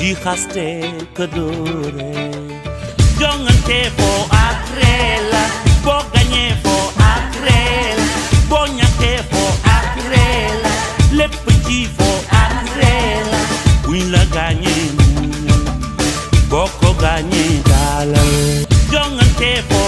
di xaste ka dóore jongante foo ak ree la boo gañee foo ak ree la boo ñàkkee foo ak ree la lépp ci ak ree la buñ la gaañee mu boo ko gaañee daalal jongante foo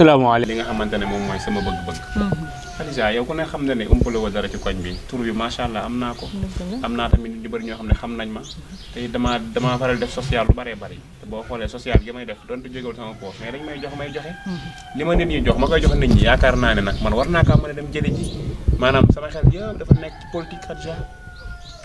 asalaamaaleykum. li nga xamante ne moom mooy sama bëgg-bëgg. Xadija mm-hmm. yow ku ne xam na ne umpale woo dara ci koñ bi tur bi macha am naa ko. am naa tamit nit ñu bëri ñoo xam ne xam nañ ma. Mm-hmm. te damaa damaa faral def social lu bëree bëri boo xoolee social gi may def donte jógewul sama poos mais dañ may jox may joxe. Mm-hmm. li ma nit ñi jox ma koy jox nit ñi yaakaar naa ne nag man war naa kaa mën a dem jëli ji maanaam sama xel yëpp dafa nekk ci politique Xadija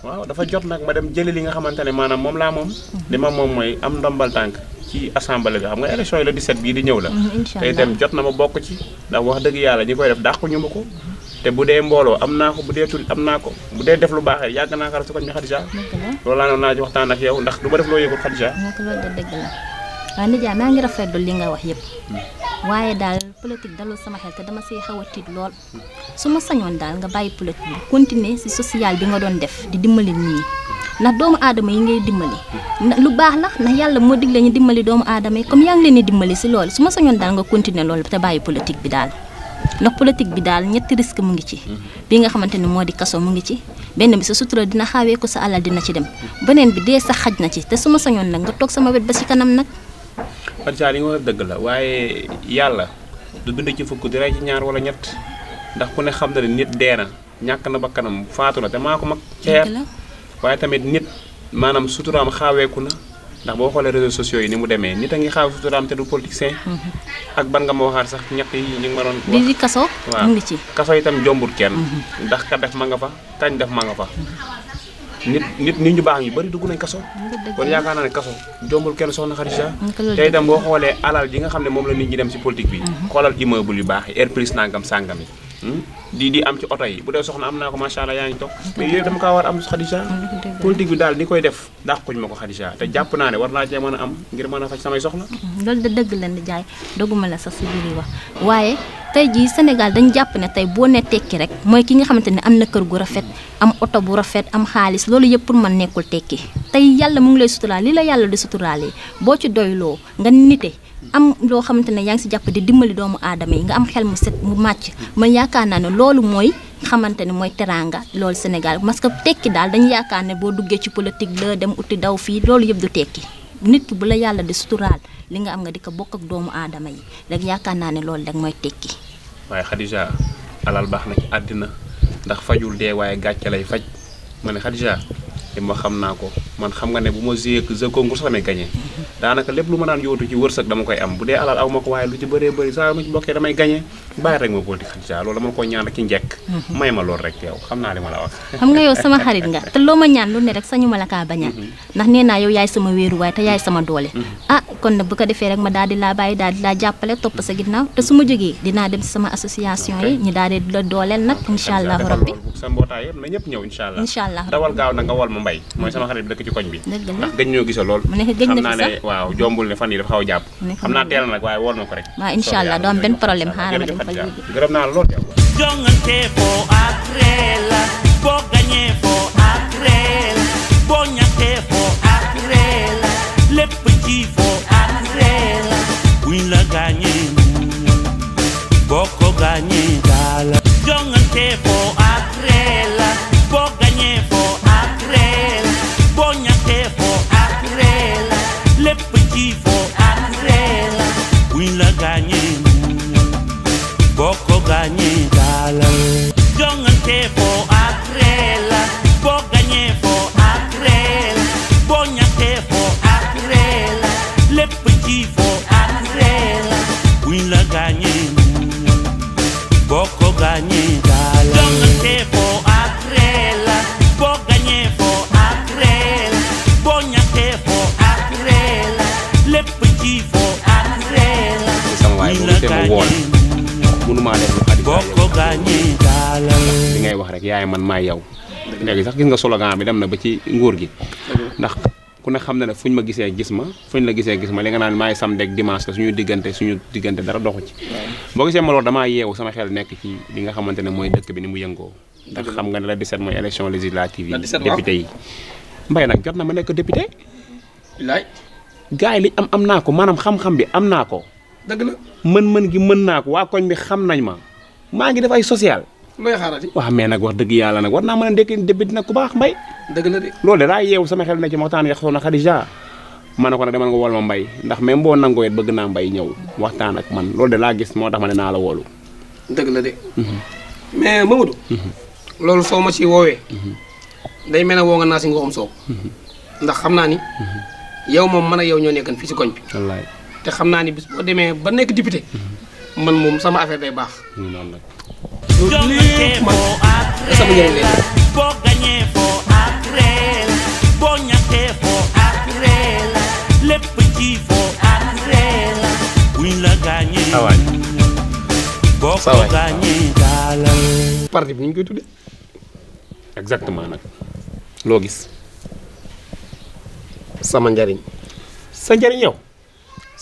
waaw dafa jot nag ma dem jëli li nga xamante ne maanaam moom laa moom. li ma moom mooy am ndombal tànk ci assemblée ga xam nga élection yi la 17 bii di ñëw la. Mm-hmm, tey dem jot na ma bokk ci ndax wax dëgg yàlla ñi koy def dàqu ñu ma ko. te bu dee mbooloo am naa ko bu dee tuuti am naa ko bu dee def lu baax yàgg naa xar su ko ñu Xadija. loolu laa noonu naa ci waxtaan ak yow ndax du ma def de dëgg li nga wax yëpp. Mm. waaye daal politique dalul sama xel te dama see xaw a tiit lool. Mm. su ma sañoon daal nga bàyyi politique bi continuer si social bi nga doon def di dimbali nit ndax doomu aadama yi ngay dimbali lu baax la ndax yàlla moo digle ñu dimbali doomu aadama yi comme yaa ngi leen dimbali si loolu su ma sañoon daal nga continuer loolu te bàyyi politique bi daal ndax politique bi daal ñetti risque mu ngi ci mhm. bi nga xamante ne moo di kaso mu ngi ci benn bi sa sutura dina xawee ko sa alal dina ci dem beneen bi dee sax xaj na ci te su ma sañoon nag nga toog sama wet ba si kanam nag Fatia li nga wax dëgg la waaye yàlla du bind ci fukk di rey ci ñaar wala ñett ndax ku ne xam na ne nit dee na ñàkk na ba kanam faatu na te maa ko mag waaye tamit nit maanaam suturaam xaweeku na ndax boo xoolee réseaux sociaux yi ni mu demee nit a ngi xaw suturaam te du politicien mhm. ak ban nga ma waxaat sax ñett yi ñu ngi ma doon wax kaso mu ngi ci kaso itam jombut kenn mhm. ndax ka def ma nga fa kañ def ma nga fa nit nit nit ñu baax ñu bari dugg nañ kaso kon yaakaar naa ne kaso jombul kenn soxna Khadija te itam boo xoolee alal ji nga xam ne moom la nit ñi dem ci politique bi mhm. xoolal immeuble yu baax yi air plus nangam sàngam yi hmm? di di am ci oto yi bu dee soxna am na ko macha allah yaa ngi toog mais yooyu dama kaa war am xadija politique bi daal di koy def dàquñ ma ko xadija te jàpp naa ne war naa cee am ngir mën a faj samay soxla mm-hmm. loolu da dëgg la Ndiaye doguma la sax si biir wax waaye tey jii Sénégal dañ jàpp ne tey boo ne tekki rek mooy ki nga xamante ni am na kër gu rafet am oto bu rafet am xaalis loolu yëpp pour man nekkul tekki tey yàlla mu ngi lay suturaal li la yàlla di suturaale boo ci doyloo nga nite am loo xamante ne yaa ngi si jàpp di dimbali doomu aadama yi nga am xel mu set mu màcc man yaakaar naa ne loolu mooy xamante ne mooy teraanga loolu Sénégal parce que tekki daal dañu yaakaar ne boo duggee ci politique la dem uti daw fii loolu yëpp du tekki nit ki bu la yàlla di suturaal li nga am nga di ko bokk ak doomu aadama yi rek yaakaar naa ne loolu rek mooy tekki. waaye Khadija alal baax na ci àddina ndax fajul dee waaye gàcce lay faj ma ne Khadija li xam naa ko. man xam nga ne bu ma que jeu concours sax damay gagné daanaka lépp lu ma daan yóotu ci wërsëg dama koy am bu dee alal aw ma ko waaye lu ci bëree bëri saa ma ci bokkee damay gagné bàyyi rek ma politique xadija loolu dama ko ñaan ak ci njekk mhm. may ma loolu rek yow xam naa li ma la wax xam nga yow sama xarit nga te loo ma ñaan lu ne rek sañu ma la kaa bañal mhm. ndax nee naa yow yaay sama wéeru waay te yaay sama doole mhm. ah kon nag bu ko defee rek ma daal di laa bàyyi daal di laa jàppale topp sa ginnaaw te su ma jógee dinaa dem sama association yi ñu daal di la dooleel nag incha allahu rabbi sa mbootaay yëpp na ñëpp ñëw incha allah incha allah dawal gaaw na nga wal ma mbay mooy sama xarit dëkk ci koñ bi ndax gëj ñoo gisa lool xam naa ne waaw jombul ne fan yi dafa xaw a jàpp xam naa teel nag waaye woor na ko rek waaw incha allah doo benn problème xaaral lépp ci foo ak ree la la gaañee boo ko gaañee daal careful. maay man maay yow léegi sax gis nga slogan bi dem na ba ci nguur gi ndax ku ne xam na ne fuñ ma gisee gis ma fuñ la gisee gis ma li nga naan maay samedi ak dimanche la suñu diggante suñu diggante dara doxu ci boo gisee ma damaa yeewu sama xel nekk ci li nga xamante ne mooy dëkk bi ni mu yëngoo ndax xam nga ne la 17 mooy élection législative yi député yi mbay nag jot na ma nekk député laay gars yi li am am naa ko maanaam xam bi am naa ko dëgg la mën-mën gi mën naa ko waa koñ bi xam nañ ma maa ngi def ay social looy xaarati. waaw mais nag wax dëgg yàlla nag war naa mën a ndekki débit baax mbay. dëgg la de. loolu de daa xel na ci waxtaan ak soxna Khadija ma ne ko nag demal nga wol ndax même boo nangoo bëgg naa mbay ñëw waxtaan ak man loolu de laa gis moo tax ma ne naa la woolu. dëgg la de. Mhm. mais Mamadou. Mhm. ma ci woowee. Mhm. day mel naa si ngoxam soow ndax xam naa ni. yow moom man ak yow ñoo nekkan fii si koñ bi. te xam naa ni bis boo demee ba nekk député. man moom sama affaire day baax. jongante foo ak réel boo gañee foo ak réel boo ñàkkee foo ak réel lépp ci foo ak réel buñ la gaañee. saa waay boo ko gaañee daalal. parti bi ñu koy tuddee. exactement nag loo gis. sama njariñ. sa njariñ yow.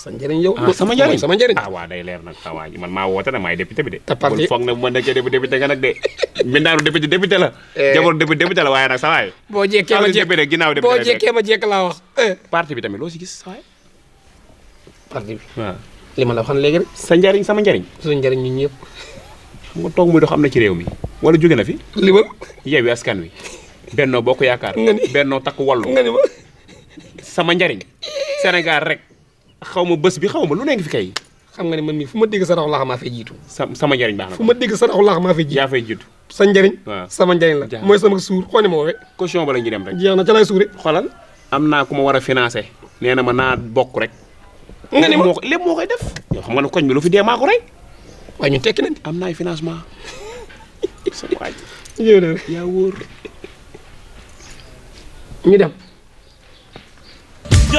sa njëriñ yow. ah sama njëriñ sama njëriñ. ah waa day leer nag sa waa ji man maa woote nag maay député bi de. te parti foog na bu ma nekkee député député nga nag de. mbindaanu député député la. jabaru député député la waaye nag sa waay. boo ma de ginnaaw député boo ma laa wax. parti bi tamit loo si gis sa waay. parti bi waaw li ma la léegi rek. sa njëriñ sama njëriñ. sa njëriñ ñun ñëpp. xam nga toog muy dox am na ci réew mi wala jóge na fi. li ma yeewi iya, askan wi bokk yaakaar. nga ni ma sama njëriñ Sénégal rek xaw ma bés bi xaw ma lu nekk fi kay xam nga ne man mii fu ma dégg sa raxu laax maa fay jiitu sama njëriñ baax na fu ma dégg sa raxu fay jiitu yaa sa njëriñ sama njëriñ la mooy sama suur xool ni ma woowee caution ba la ñu dem rek jeex na xoolal am naa ku ma war a financé nee na ma naa bokk rek nga ne ma lépp moo koy def yow xam nga ne koñ bi lu fi dee maa ko rey waaye ñun tekki nañ am na ay financement sa waay ñëw na yaa ñu dem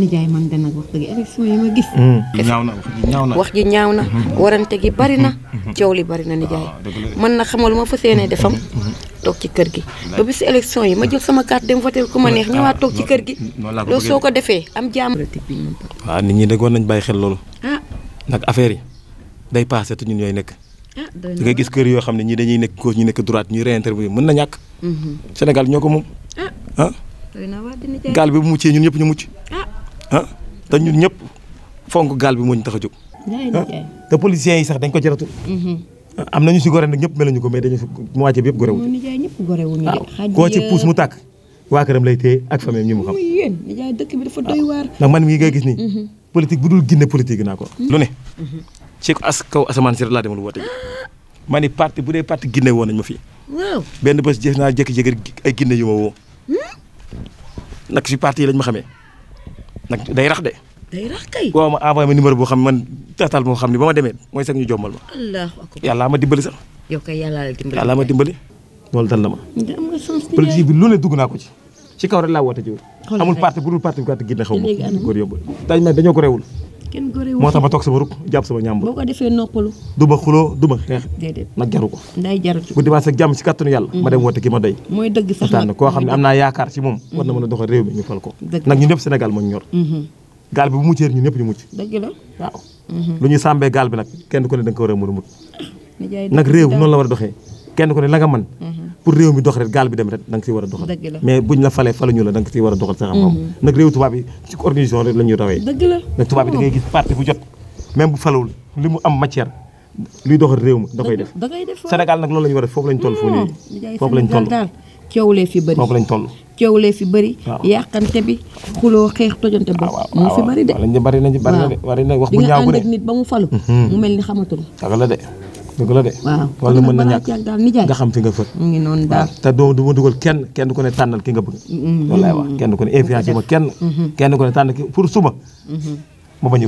nijaay man de nag wax dëgg élection yi ma gis. Mm. na wax ji ñaaw na. wax ji ñaaw na mm-hmm. warante gi bari na. Mm-hmm. Mm-hmm. coow li bari na nijaay. Ah, man na xamal ma fas yéene defam. toog ci kër gi ba bisu élection yi ma jël sama carte dem voté ku ma neex ñëwaat ah, toog ci kër gi. loolu soo ko defee am jàmm. waaw ah, nit ñi nag war nañ bàyyi xel loolu. nag affaire yi day paase te ñun ñooy nekk. da ngay gis kër yoo xam ne ñi dañuy nekk gauche ñu nekk droite ñuy réintervenir mën na ñàkk. Sénégal ñoo ko moom. ah gaal bi bu muccee ñun ah te ñun ñëpp fonk gaal bi moo ñu tax a jóg. Ah, te policiers yi sax dañ ko jaratul. Mm-hmm. Ah, am nañu si gore nag ñëpp meluñu ko mais dañu moitié bi yëpp gorewul. ñëpp gorewul ah, koo ci puus mu tàkk waa këram ak famille ñi dafa doy waar. ndax man mii ngay gis nii. Mm-hmm. politique bu dul ginne politique naa ko. Mm-hmm. lu ne ci as kaw asamaan si laa demal woote ji ma ni parti bu dee parti ginne woo nañ ma fii. waaw benn bés jeex naa jékki-jékki ay ginne yu woo. Hmm? nag si parti yi lañ ma xamee. nag day rax de. day waaw ma envoyé ma numéro boo xam man taataal moo xam ne ba ma demee mooy sax ñu jombal ma. yàllaa akbar yàlla ma dimbali sax. yow kay yàlla la dimbali yàlla ma dimbali. loolu dal na ma. politique bi lu ne dugg naa ko ci. ci kaw rek laa woote jiw. amul parti bu dul parti bu gàtt gi ne xaw ma. góor yóbbu dañ ma dañoo ko réewul moo tax ma toog sama rukk jàpp sama ñàmb boo ko defee noppalu du ma xuloo du ma xeex déedéet nag jaru ko nday jaru ko bu dimanche ak jàmm ci kattanu yàlla ma dem mm-hmm. woote ki ma doy mooy dëgg koo xam ne am naa yaakaar ci moom mm-hmm. war na mën a doxal réew mi ñu fal ko nag ñu ñëpp Sénégal moo ñor mm-hmm. gaal bi bu muccee ñun ñëpp ñu mucc lu ñuy sàmbee gaal bi nag kenn ku ne da war a mën a réew noonu la war a doxee kenn ku ne la nga man pour réew mi dox ret gaal bi dem ret da nga war a doxal mais buñ la falee faluñu la da nga siy war a doxal sa mm-hmm. nag jot même bu falawul li mu am matière luy doxal réew mi da koy def Sénégal nag loolu la ñu war a foofu lañ toll mm, foofu nii foofu lañ toll coowlee fi bëri foofu lañ toll coowlee fi bëri yàqante bi xuloo xeex tojante bo ah, mu fi bëri de lañ bëri nañ bëri na de wax bu ñaaw bu de nit ba mu falu mm-hmm. mu mel ni xamatul la de dëgg la de. waaw mën na nga xam fi nga fët. mu ngi noonu te doo du ma kenn kenn du ko ne tànnal ki nga bëgg. Mm-hmm. loolu laay kenn kenn. ko ne mm-hmm. pour suba. Mm-hmm. ma bañ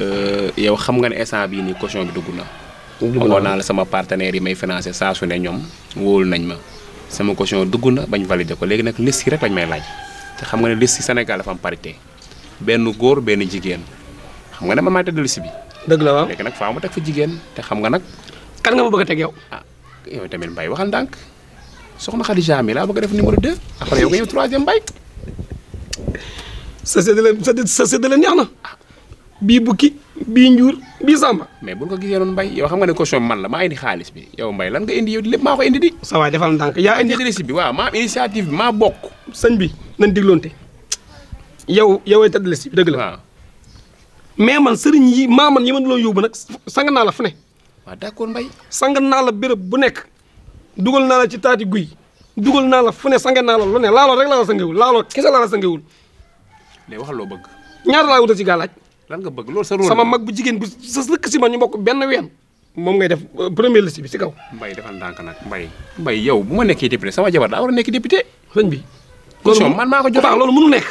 euh, yow xam nga ne instant bii nii caution bi dugg na. waxoon naa la sama partenaire yi may financé saa su ne ñoom wóolu nañ ma. sama caution dugg na bañ validé ko léegi nag liste yi rek lañ may laaj te xam nga ne liste Sénégal dafa am parité benn góor benn jigéen xam nga ne ma maa tëdd liste bi. dëgg la waaw léegi nag faaw ma teg fa jigéen te xam nga nag. kan nga ma bëgg a teg yow. ah yow tamit Mbaye waxal ndànk soxna Khadija mi laa bëgg a def numéro 2 après yow nga ñëw troisième Mbaye. sa séddale sa séddale neex na. Ah, bi buki bi njur bi samba mais buñ ko gisé non mbay yow xam nga ne question man la ma indi xaliss bi yow mbay lan nga indi yow lepp mako indi di sa waay defal tank ya indi xaalis bi waaw maa initiative ma bok señ bi nañ diglonté yow yow ay tëdd bi deug la mais man señ yi ma man yi man doon yóbbu nak sang na la fune wa d'accord mbay sang na la béréb bu nek dugal na la ci tati guuy dugal na la fune sang na la lu ne la lo rek la sangewul la lo kessa la sangewul léegi waxal lo bëgg ñaar la wuta ci galaj lan nga bëgg loolu sa rôle sama mag bu jigéen bu sës lëkk si ma ñu mbokk benn ween moom ngay def euh, premier liste bi si kaw mbay defal ndànk nag mbay mbay yow bu ma nekkee député sama jabar daa war a nekk député sëñ bi loolu man maa ko jox loolu mënul nekk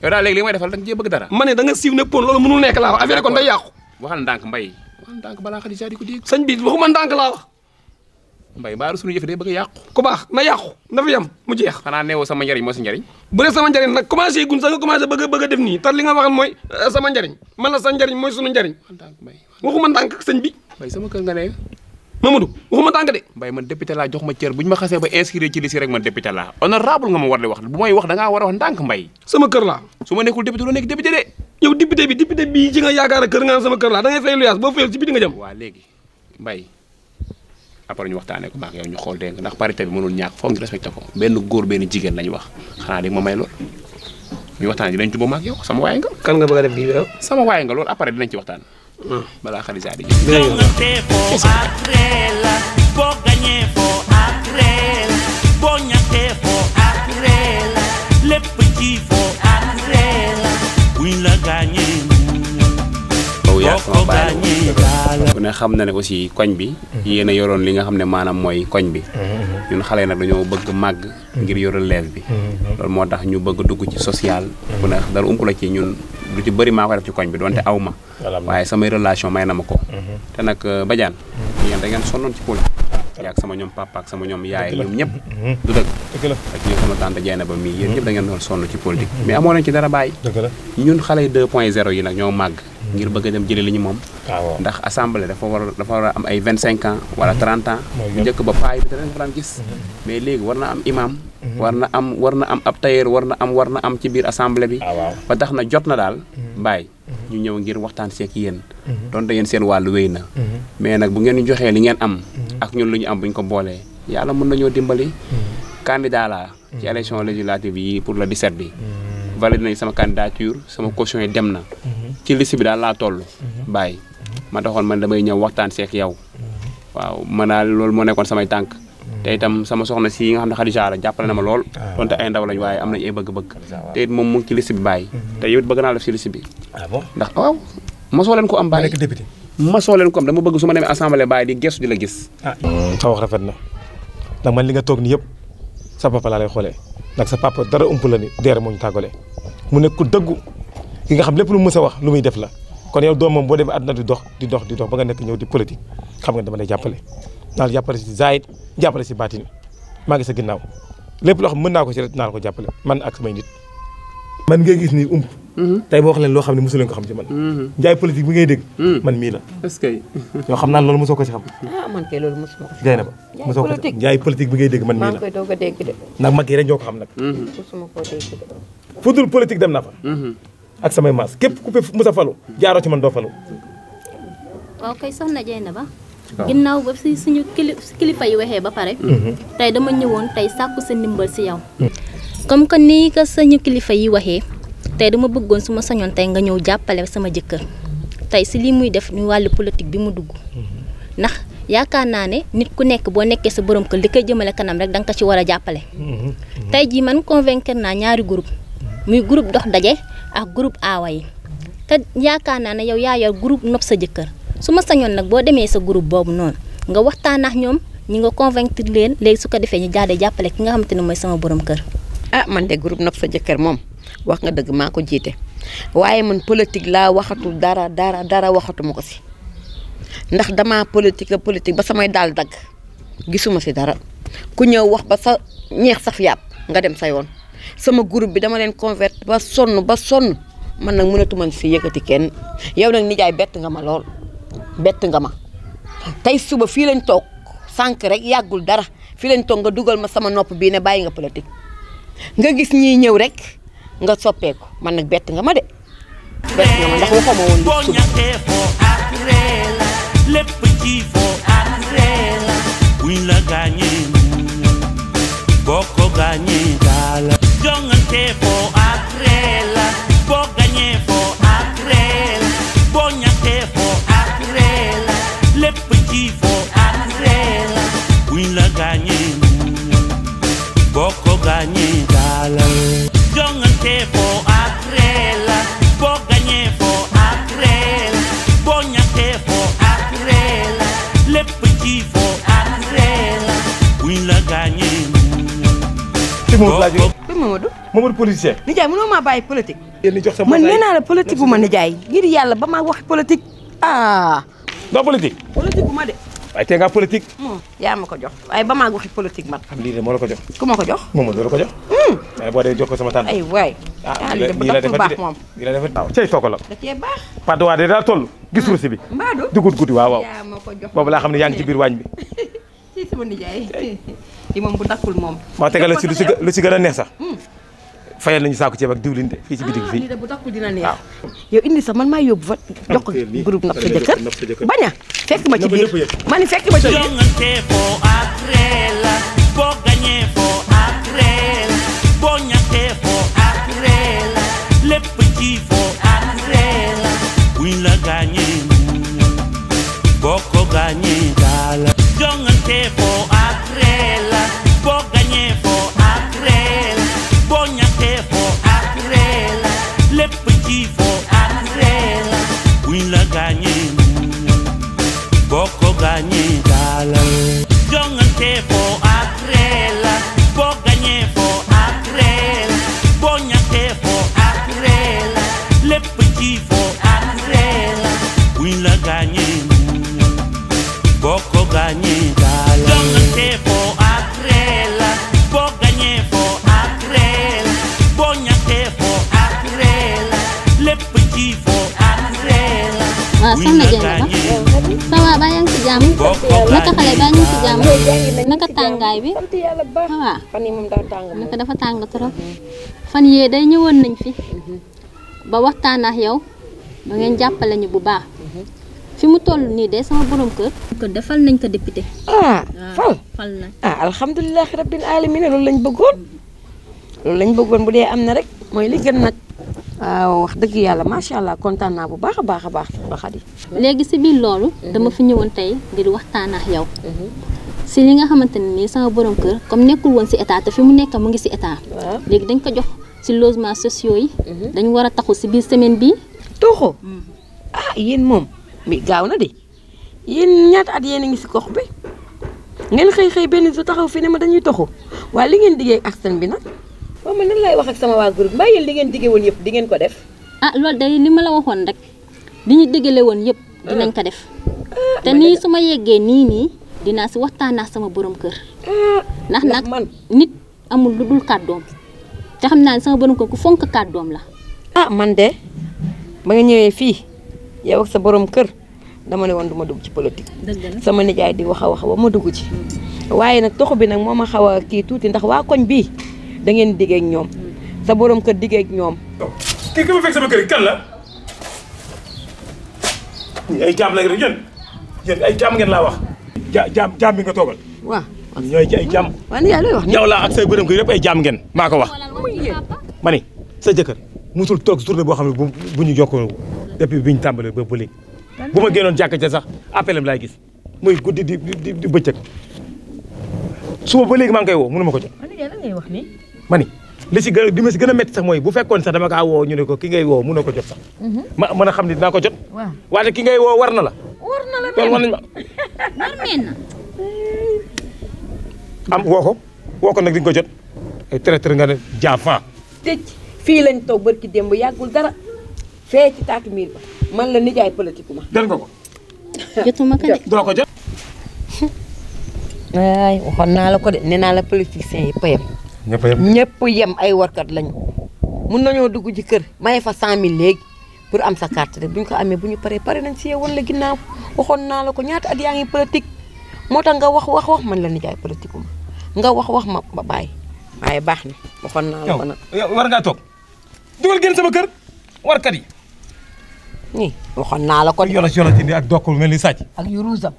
yow daal léegi li may defal dang nga bëgg dara ma ne da nga siiw ne pon loolu mënul nekk laa wax affaire kon day yàqu waxal ndànk mbay waxal ndànk balaa xadi saa di ko dégg sëñ bi waxuma ndànk laa wax mbay baaru suñu jëf day bëgg yaq ku baax na yaq na fi yam mu jeex xana neew sama njariñ mo sa njariñ bu dee sama njariñ nak commencé gun sa nga commencé bëgg bëgg def ni tar li nga waxal moy eh, sama njariñ man la sa njariñ moy suñu njariñ waxuma ndànk señ bi mbay sama kër nga neew Mamadou waxuma tànk de mbay man député la jox ma cër buñ ma xasee ba inscrire ci lycée rek man député la honorable nga ma war di wax bu moy wax da nga wara wax ndànk mbay sama kër la suma ma nekkul député doo nekk député de yow député bi député bi ci nga yaakaara kër nga sama kër la da ngay fay lu yaas bo fay ci biti nga jëm wa légui mbay après ñu waxtaanee ko maak yow ñu xol dégg ndax parité bi mënul ñàkk foog respecté ko benn goor benn jigen lañ wax xana di ma may lool ñu waxtane di lañ tubu maak yow sama way nga. kan nga bëgg def def yow sama way nga lool après dinañ ci waxtaan. Ah. balaa xalisa di jëf. ci fo ak réel buñ la gaañee jaar sama baay ku ne xam na ne aussi koñ bi mhm. yéen Yun yoroon li nga xam ne maanaam mooy koñ bi mhm. ñun xale nag dañoo bëgg màgg mhm. ngir yoral lees bi loolu moo tax ñu bëgg dugg ci social ku ne dara ump la ci ñun lu ci bëri maa def ci koñ bi donte relation may euh, da ngeen ci ah. sama nyom papa ak sama ñoom yaay nyep, duduk. du dëgg ak ñoom sama tante Diena ba mii yéen ñëpp da ngeen doon sonn ci politique mais Yun leen ci dara bàyyi ñun xale 2.0 yi ñoo ngir bëgg dem jëlee li ñu moom. Ah, ndax assemblée dafa war dafa war am ay vingt cinq ans wala mhm. trente ans. bu njëkk ba paa yi da nga gis. Mhm. mais léegi war na am imam. Mhm. war na am war na am ab tailleur war na am war na am ci biir assemblée bi. Ah, ba tax na jot na daal. bàyyi ñu ñëw ngir waxtaan seek yéen. donte yéen seen wàllu wéy na. mais nag bu ngeen ñu joxee li ngeen am. ak ñun lu ñu am buñ ko boolee yàlla mën ñoo dimbali. candidat laa ci élection législative yi pour le 17 bi. valide nañ sama candidature sama caution yi dem na. Mhm. ci liste bi daal laa toll. Mhm. bàyyi mhm. ma taxoon man damay ñëw waxtaan seek yow. waaw ma daal loolu moo nekkoon samay tànk. te tam sama soxna si yi nga xam ne Xadija la jàppale na ma lool. Ah, donte ay ndaw lañ waaye am nañ ay bëgg-bëgg. te it moom mu ci liste bi bàyyi. te bëgg naa def si liste bi. Ah ndax waaw mosoo leen ko am bàyyi. nekk député mosoo leen ko am dama bëgg su ma demee assemblée bàyyi di gestu di la gis. ah sa rafet na ndax man li nga toog yëpp sa papa laa lay xoolee ndax sa papa dara ump la ni deere moo ñu mu nekk ku dëggu ki nga xam lépp lu mës a wax lu muy def la kon yow doomam boo demee àdduna di dox di dox di dox ba nga nekk ñëw di politique xam nga dama lay jàppale naa la jàppale si zaayit jàppale si baatin maa ngi sa ginnaaw lépp loo xam mën naa ko si rek naa la ko jàppale man ak samay nit man ngay gis ni ump tey boo wax leen loo xam ne mosu leen ko xam ci man njaay politique bi ngay dégg man mii la xam naa loolu mosoo ko ci xam ah man kay loolu mosuma na ba a dégg de mag yi rek ñoo xam nag mosuma koo dégg dem na fa ak samay maas képp ku fi musa falu jaaroo ci man doo falu waaw kay soxna Dieyna Ba ginnaaw ba si suñu kilifa yi waxee ba pare mhm. tey dama ñëwoon tey sàkku sa ndimbal si yow comme que ni ko suñu kilifa yi waxee tay dama bëggoon suma ma sañoon tey nga ñëw jàppale sama jëkkër tay si li muy def ñu wàllu politique bi mu dugg mm-hmm. ndax yaakaar naa ne nit ku nekk boo nekkee sa borom kër li koy jëmale kanam rek da nga ko ci war a jàppale mm-hmm. Mm-hmm. tey jii man convaincre naa ñaari groupe muy groupe dox daje ak groupe aawa yi te yaakaar naa ne yow yaa yor groupe nopp sa jëkkër suma ma sañoon nag boo demee sa groupe boobu noonu nga waxtaan ak ñoom ñi nga convaincre leen léegi su ko ñu jaade jàppale ki nga xamante ne sama borom kër ah man de groupe nopp sa jëkër mom wax nga dëgg mako ko waye man politique la waxatu dara dara dara waxatu mako ci ndax dama politique politique ba samay dal dag gisuma ci dara ku ñëw wax ba sa ñeex sax yaap nga dem sa yoon sama groupe bi dama leen convert ba son ba son man mënatu man si yëkëti kenn yow nak nijaay bet nga ma lool bet nga ma tay suba fi lañ tok sank rek yagul dara fi lañ tok nga dugal ma sama nopp bi ne bay nga politique nga gis ñiy ñëw rek nga soppeeku man nag bett nga ma de bett nga ma ndax waxuma woon lu politicien nijaay mënoo maa bàyyi politique yéen ni jox sa man nee jadi? la politique bu ma nijaay ngir yàlla ba ma wax politique ah doo politique politique bu ma de waaye tey ngaa politique hmm, yaa ma ko jox waaye ba maa waxi politique man xam lii de moo la ko jox ku ma ko jox moom doo la ko jox hmm. waaye boo dee jox ko sama tànn ay waay ah lii la defati de lii la defati waaw cey toog la da cee baax Patte d'Oie de daa toll gis hmm. rusi bi mbaadu dugut guddi waaw waaw yaa ma ko jox boobu laa xam ne yaa ngi ci biir waañ bi ci sama nijaay li bu dakkul moom ma tegal ci lu ci gën neex sax fayal nañu saako ceeb ak diwlin de fii ci bitig ah, fii bu yow indi sax man maa yóbbu fa jox ko groupe nap sa jëkkër ma ci biir ma ni fekk ma ci biir tàngaay bi sant yàlla bu baax waaw fan yi moom dafa tàng naka dafa tàng trop fan yee day ñëwoon nañ fi ba yow ba ngeen ñu bu baax fi mu toll de sama borom kër ko defal nañ ko député ah, ah fal fal na ah alhamdulilah rabbil alamin loolu lañ bëggoon loolu lañ bëggoon bu dee am rek mooy li gën waaw wax dëgg allah kontaan naa bu baax a baax a baax ba xadi léegi dama fi ngir yow si li nga xamanteni ni sama borom kër comme nekkul won ci état te fi mu nekk mu ngi ci état légui dañ ko jox ci logement sociaux yi mhm. dañ wara taxu ci biir semaine bi toxo mhm. ah yeen mom mi gaaw na de yeen ñaat at yeen ngi ci gox bi ngeen xey xey benn su taxaw fi ne ma dañuy toxu wa li ngeen digé ak sen bi nak wa man lan lay wax ak sama wa groupe mbay li ngeen digé won yépp di ngeen ko def ah lool day ni ma la waxon rek ñu digélé won yépp ah. dinañ ko def ah, te ni suma yéggé ni ni dinaa si waxtaan ak sama boroom kër. Ah, ndax nag nit amul lu dul kàddoom te xam naa ne sama borom kër ku fonk kàddoom la. ah man de ba nga ñëwee fii yow ak sa boroom kër dama ne woon du ma dugg ci politique. sama nijaay di wax a wax ma dugg ci. waaye nag toxu bi nag moo ma xaw a kii tuuti ndax waa koñ bii dangeen ngeen diggee ak ñoom sa borom kër diggee ñoom. kii ki ma fekk sama kër kan la. ay jaam la ngeen yéen yéen ay jaam ngeen laa wax. ja jaam jaam bi nga toogal. waaw ñooy ci ay jaam. waaw ni yàlla looy wax yow laa ak say bërëm kër yëpp ay jaam ngeen maa ko wax. ma ni sa jëkkër musul toog journée boo xam ne bu ñu jokkoo depuis bi ñu tàmbalee ba ba bu ma génnoon jàkk ca sax appelam laay gis muy guddi di di di bëccëg suba ba léegi maa ngi koy woo mënu ma ko jot. ma la si gën a li ma si gën a métti sax mooy bu fekkoon sax dama kaa woo ñu ne ko ki ngay woo mënoo ko jot sax. Mhm. ma mën a xam ni dinaa ko jot. waaw waaye ki ngay woo war na la ma war meen na am woo ko nag di ko jot ay traité nga ne jaafa tëj fii lañ toog barki démb yàggul dara fee ci taatu miir ba man la nijaay politique ma nga ko jotuma ko de doo ko jot ay waxoon naa la ko de nee naa la politiciens yëpp a yem ñëpp yem ay warkat lañu mun nañoo dugg ci kër fa cent léegi pour am sa carte rek bu ñu ko amee bu ñu paree pare nañ si yow wan ginnaaw waxoon naa la ko ñaata at yaa ngi politique moo tax nga wax wax wax man la nijaay politique um nga wax wax ma ba bàyyi waaye baax na waxoon naa la ko nag. war ngaa toog dugal génn sama kër warkat yi. ñii waxoon naa la ko de. yolas yolas indi ak dokkul mel ni sàcc. ak yu ruusam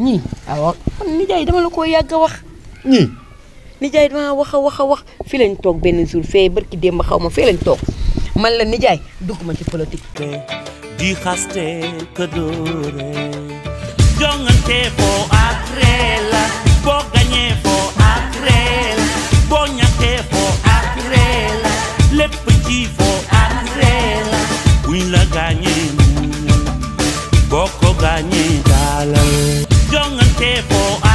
ñii. waaw nijaay dama la ko yàgg a wax. ñii. nijaay dama wax a wax a wax fii lañ toog benn jour fee barki démb xaw ma fii lañ toog. man la nijaay dugg ma ci politique di xaste ka doore jongante foo ak ree la boo gañee foo ak ree la boo ñàkkee foo ak ree la lépp ci foo ak ree la buñ la gañee boo ko gañee daalal jongante foo